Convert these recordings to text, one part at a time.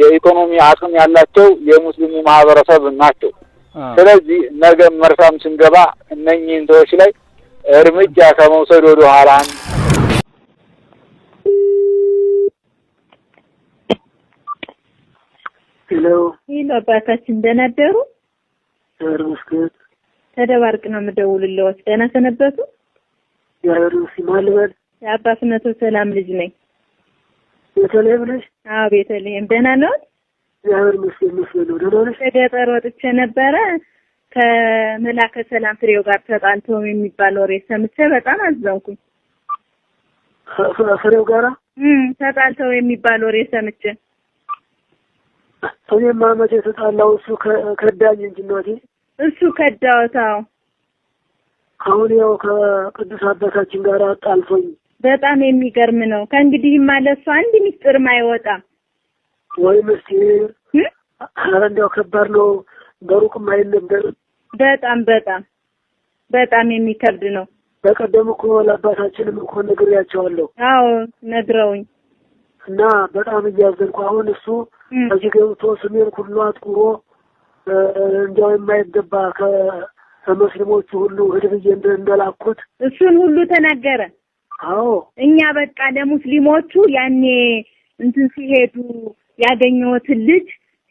የኢኮኖሚ አቅም ያላቸው የሙስሊሙ ማህበረሰብ ናቸው። ስለዚህ ነገ መርሳም ስንገባ እነኚህን ሰዎች ላይ እርምጃ ከመውሰድ ወደ ኋላ ሄሎ አባታችን ደህና አደሩ? ተደባርቅ ነው የምደውልልዎት። ደህና ሰነበቱ? ሲማልበል የአባትነቱ ሰላም ልጅ ነኝ። ቤተልሔም ነሽ? አዎ ቤተልሔም። ደህና ነው? እግዚአብሔር ይመስገን ይመስገን ነው። ደህና ነሽ? ከገጠር ወጥቼ ነበረ ከመላከ ሰላም ፍሬው ጋር ተጣልተው የሚባል ወሬ ሰምቼ በጣም አዘንኩኝ። ፍሬው ጋራ ተጣልተው የሚባል ወሬ ሰምቼ እኔማ መቼ ተጣላው? እሱ ከዳኝ እንጂ እናቴ እሱ ከዳውታው። አሁን ያው ከቅዱስ አባታችን ጋር አጣልፎኝ በጣም የሚገርም ነው። ከእንግዲህ ማለሱ አንድ ሚስጥርም አይወጣም። ወይ ምስኪን! ኧረ እንዲያው ከባድ ነው። በሩቅም አይነበር። በጣም በጣም በጣም የሚከብድ ነው። በቀደም እኮ ለአባታችንም እኮ ነግሬያቸዋለሁ። አዎ ነግረውኝ እና በጣም እያዘንኩ አሁን እሱ እዚህ ገብቶ ስሜን ሁሉ አጥቁሮ እንዲያው የማይገባ ከሙስሊሞቹ ሁሉ ህድብዬ እንደላኩት እሱን ሁሉ ተናገረ። አዎ እኛ በቃ ለሙስሊሞቹ ያኔ እንትን ሲሄዱ ያገኘሁትን ልጅ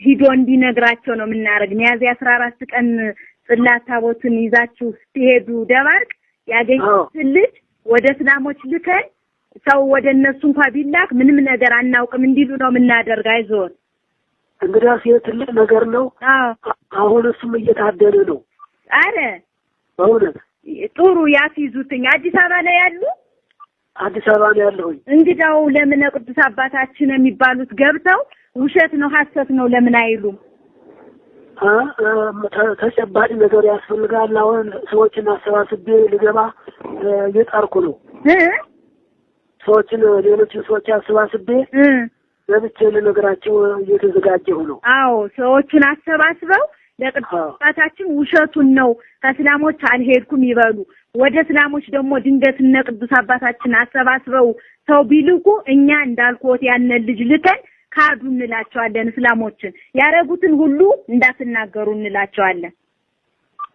ሂዶ እንዲነግራቸው ነው የምናደርግ። ሚያዝያ አስራ አራት ቀን ጽላት ታቦትን ይዛችሁ ስትሄዱ ደባርቅ ያገኘሁትን ልጅ ወደ እስላሞች ልከን ሰው ወደ እነሱ እንኳ ቢላክ ምንም ነገር አናውቅም እንዲሉ ነው የምናደርግ። አይዞን እንግዲያስ ይሄ ትልቅ ነገር ነው። አሁን እሱም እየታደለ ነው። አረ በእውነት ጥሩ ያስይዙትኝ አዲስ አበባ ላይ ያሉ አዲስ አበባ ነው ያለሁኝ። እንግዳው ለምን ቅዱስ አባታችን የሚባሉት ገብተው ውሸት ነው ሀሰት ነው ለምን አይሉም? ተጨባጭ ነገር ያስፈልጋል። አሁን ሰዎችን አሰባስቤ ልገባ እየጣርኩ ነው። ሰዎችን ሌሎችን ሰዎች አሰባስቤ ለብቻ ልነግራቸው እየተዘጋጀሁ ነው። አዎ ሰዎችን አሰባስበው ለቅዱሳታችን ውሸቱን ነው ከእስላሞች አልሄድኩም ይበሉ። ወደ እስላሞች ደግሞ ድንገት እነ ቅዱስ አባታችን አሰባስበው ሰው ቢልኩ እኛ እንዳልኩት ያንን ልጅ ልከን ካዱ እንላቸዋለን። እስላሞችን ያረጉትን ሁሉ እንዳትናገሩ እንላቸዋለን።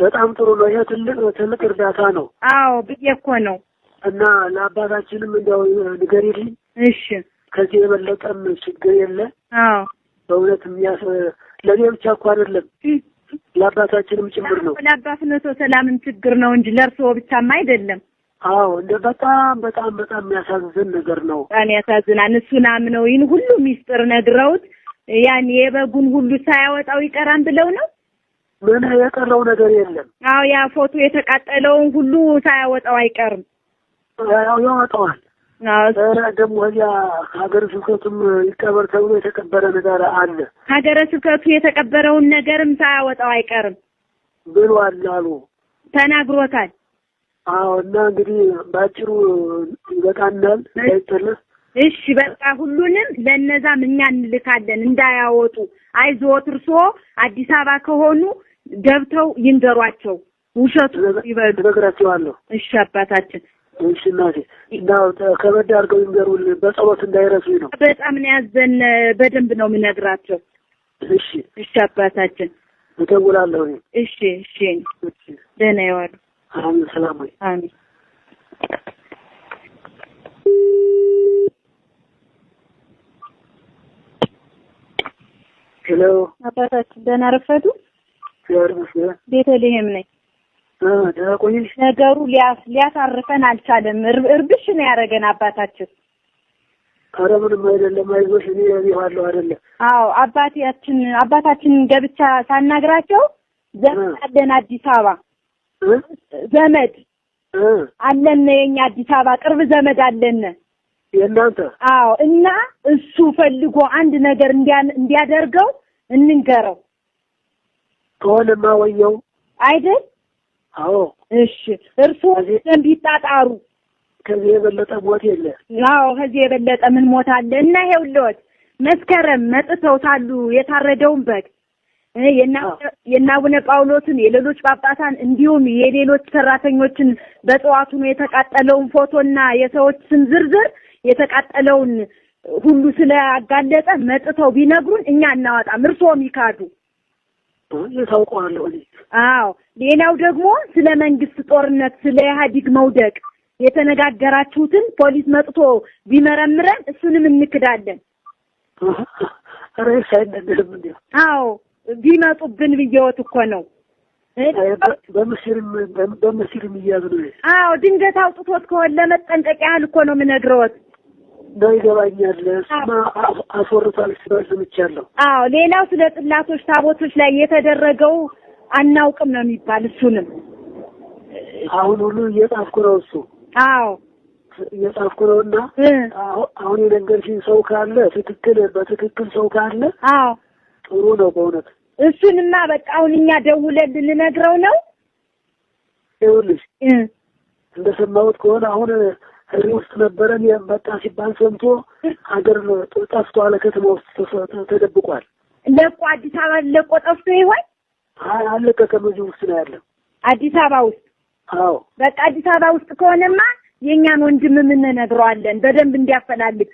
በጣም ጥሩ ነው። ይሄ ትልቅ ትልቅ እርዳታ ነው። አዎ ብዬ እኮ ነው። እና ለአባታችንም እንዲያው ንገሪልኝ። እሺ ከዚህ የበለጠም ችግር የለ። አዎ በእውነት የሚያስ ለእኔ ብቻ እኮ አይደለም ለአባታችንም ጭምር ነው። ለአባትነቶ ሰላምን ችግር ነው እንጂ ለእርስዎ ብቻም አይደለም። አዎ እንደ በጣም በጣም በጣም የሚያሳዝን ነገር ነው። በጣም ያሳዝናል። እሱን አምነው ይህን ሁሉ ሚስጥር ነግረውት ያን የበጉን ሁሉ ሳያወጣው ይቀራን ብለው ነው። ምን የቀረው ነገር የለም። አዎ ያ ፎቶ የተቃጠለውን ሁሉ ሳያወጣው አይቀርም። ያው ያወጣዋል ኧረ ደግሞ እዚያ ሀገረ ስብከቱም ይቀበር ተብሎ የተቀበረ ነገር አለ። ሀገረ ስብከቱ የተቀበረውን ነገርም ሳያወጣው አይቀርም ብሏል አሉ ተናግሮታል። አዎ እና እንግዲህ በአጭሩ ይበቃናል አይጠለፍ እሺ በቃ ሁሉንም ለነዛም እኛ እንልካለን እንዳያወጡ። አይዞት እርሶ አዲስ አበባ ከሆኑ ገብተው ይንገሯቸው፣ ውሸቱ ይበሉ። እነግራቸዋለሁ። እሺ አባታችን እሺ እናቴ እናው ከበድ አድርገው ይንገሩን፣ በጸሎት እንዳይረሱኝ ነው። በጣም ነው ያዘን። በደንብ ነው የምነግራቸው። እሺ እሺ አባታችን እደውላለሁ። እሺ እሺ ደህና ይዋሉ። አሜን። ሰላም ወይ። አሜን። ሄሎ አባታችን ደህና ረፈዱ። ቤተልሔም ነኝ ነገሩ ሊያስ ሊያሳርፈን አልቻለም። እርብሽ ነው ያደረገን አባታችን። ኧረ ምንም አይደለም፣ አይዞሽ እኔ እኔዋለሁ አይደለ? አዎ አባታችን አባታችን ገብቻ ሳናግራቸው ዘመድ አለን አዲስ አበባ ዘመድ አለን የኛ አዲስ አበባ ቅርብ ዘመድ አለን የእናንተ። አዎ እና እሱ ፈልጎ አንድ ነገር እንዲያደርገው እንንገረው ከሆነማ ወየው አይደል አዎ እሺ፣ እርስዎ ዘንድ ይጣጣሩ። ከዚህ የበለጠ ሞት የለ። አዎ ከዚህ የበለጠ ምን ሞት አለ? እና ይኸውልዎት መስከረም መጥተው ሳሉ የታረደውን በግ የአቡነ ጳውሎስን የሌሎች ጳጳሳን እንዲሁም የሌሎች ሰራተኞችን በጠዋቱ የተቃጠለውን ፎቶና የሰዎች ስም ዝርዝር የተቃጠለውን ሁሉ ስለ አጋለጠ መጥተው ቢነግሩን እኛ እናወጣም። እርስዎም ይካዱ ታውቀዋለሁ። አዎ ሌላው ደግሞ ስለ መንግስት ጦርነት፣ ስለ ኢህአዲግ መውደቅ የተነጋገራችሁትን ፖሊስ መጥቶ ቢመረምረን እሱንም እንክዳለን። ሬስ አይደለም አዎ ቢመጡብን ብየወት እኮ ነው። በምስልም በምስልም እያዝ ነው። አዎ ድንገት አውጥቶት ከሆነ ለመጠንቀቅ ያህል እኮ ነው የምነግረዎት። ነው ይገባኛል። አስወርቷል ሲባል ሰምቻለሁ። አዎ ሌላው ስለ ጥላቶች ታቦቶች ላይ የተደረገው አናውቅም ነው የሚባል እሱንም አሁን ሁሉ እየጻፍኩ ነው። እሱ አዎ እየጻፍኩ ነው እና አሁን የነገርሽኝ ሰው ካለ ትክክል በትክክል ሰው ካለ አዎ ጥሩ ነው በእውነት እሱንማ በቃ አሁን እኛ ደውለን ልንነግረው ነው። ይኸውልሽ እንደሰማሁት ከሆነ አሁን እዚህ ውስጥ ነበረን የመጣ ሲባል ሰምቶ ሀገር ጠፍቶ አለ ከተማ ውስጥ ተደብቋል። ለቆ አዲስ አበባ ለቆ ጠፍቶ ይሆን? አይ አለቀቀም፣ እዚህ ውስጥ ነው ያለው አዲስ አበባ ውስጥ። አዎ በቃ አዲስ አበባ ውስጥ ከሆነማ የእኛን ወንድም የምንነግረዋለን በደንብ እንዲያፈላልግ።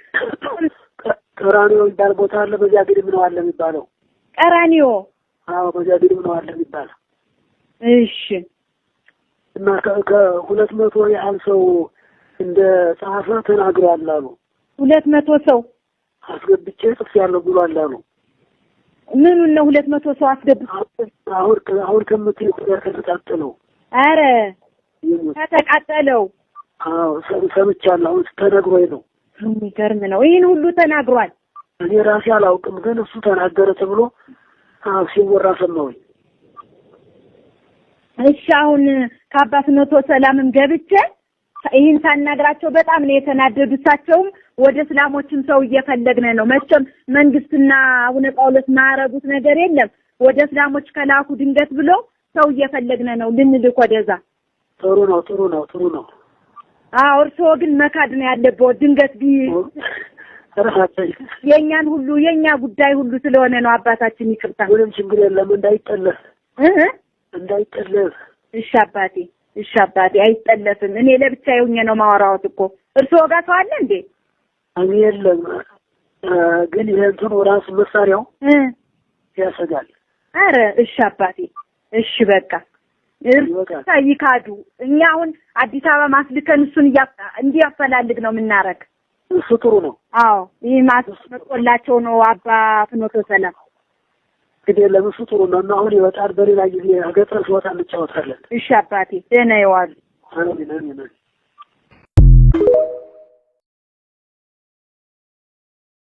ቀራኒዮ የሚባል ቦታ አለ፣ በዚያ ግድም ነው አለ የሚባለው። ቀራኒዮ? አዎ በዚያ ግድም ነው አለ የሚባለው። እሺ እና ከሁለት መቶ ያህል ሰው እንደ ጸሐፈ ተናግሯል አሉ። ሁለት መቶ ሰው አስገብቼ ጽፍ ያለው ብሏል አሉ። ምኑን ነው ሁለት መቶ ሰው አስገብቼ አሁን አሁን ከምትል ጋር ከተቃጠለው አረ ከተቃጠለው አዎ ሰምቻለሁ። አሁን ተነግሮኝ ነው። የሚገርም ነው። ይህን ሁሉ ተናግሯል። እኔ ራሴ አላውቅም፣ ግን እሱ ተናገረ ተብሎ ሲወራ ሰማሁኝ። እሺ አሁን ከአባት መቶ ሰላምም ገብቼ ይህን ሳናግራቸው በጣም ነው የተናደዱታቸውም ወደ እስላሞችም ሰው እየፈለግን ነው። መቼም መንግስትና አቡነ ጳውሎስ ማረጉት ነገር የለም። ወደ እስላሞች ከላኩ ድንገት ብሎ ሰው እየፈለግን ነው ልንልክ ወደዛ። ጥሩ ነው፣ ጥሩ ነው፣ ጥሩ ነው። አዎ እርስዎ ግን መካድ ነው ያለበት። ድንገት ቢ የእኛን ሁሉ የእኛ ጉዳይ ሁሉ ስለሆነ ነው አባታችን። ይቅርታ ምንም ችግር የለም። እንዳይጠለፍ እንዳይጠለፍ። እሺ አባቴ እሺ አባቴ አይጠለፍም። እኔ ለብቻ የሆኜ ነው ማወራሁት እኮ እርስዎ ጋር ሰው አለ እንዴ? እኔ የለም፣ ግን የእንትኑ ራሱ መሳሪያው ያሰጋል። አረ እሺ አባቴ እሺ በቃ ይካዱ። እኛ አሁን አዲስ አበባ ማስልከን እሱን እንዲያፈላልግ ነው የምናረግ። እሱ ጥሩ ነው። አዎ ይህ ማስመቆላቸው ነው አባ ፍኖተ ሰላም እንግዲህ ለብሱ ጥሩ ነው እና አሁን ይወጣል። በሌላ ጊዜ ገጠር ሲወጣ እንጫወታለን። እሺ አባቴ፣ ደህና ይዋሉ። አሜን አሜን።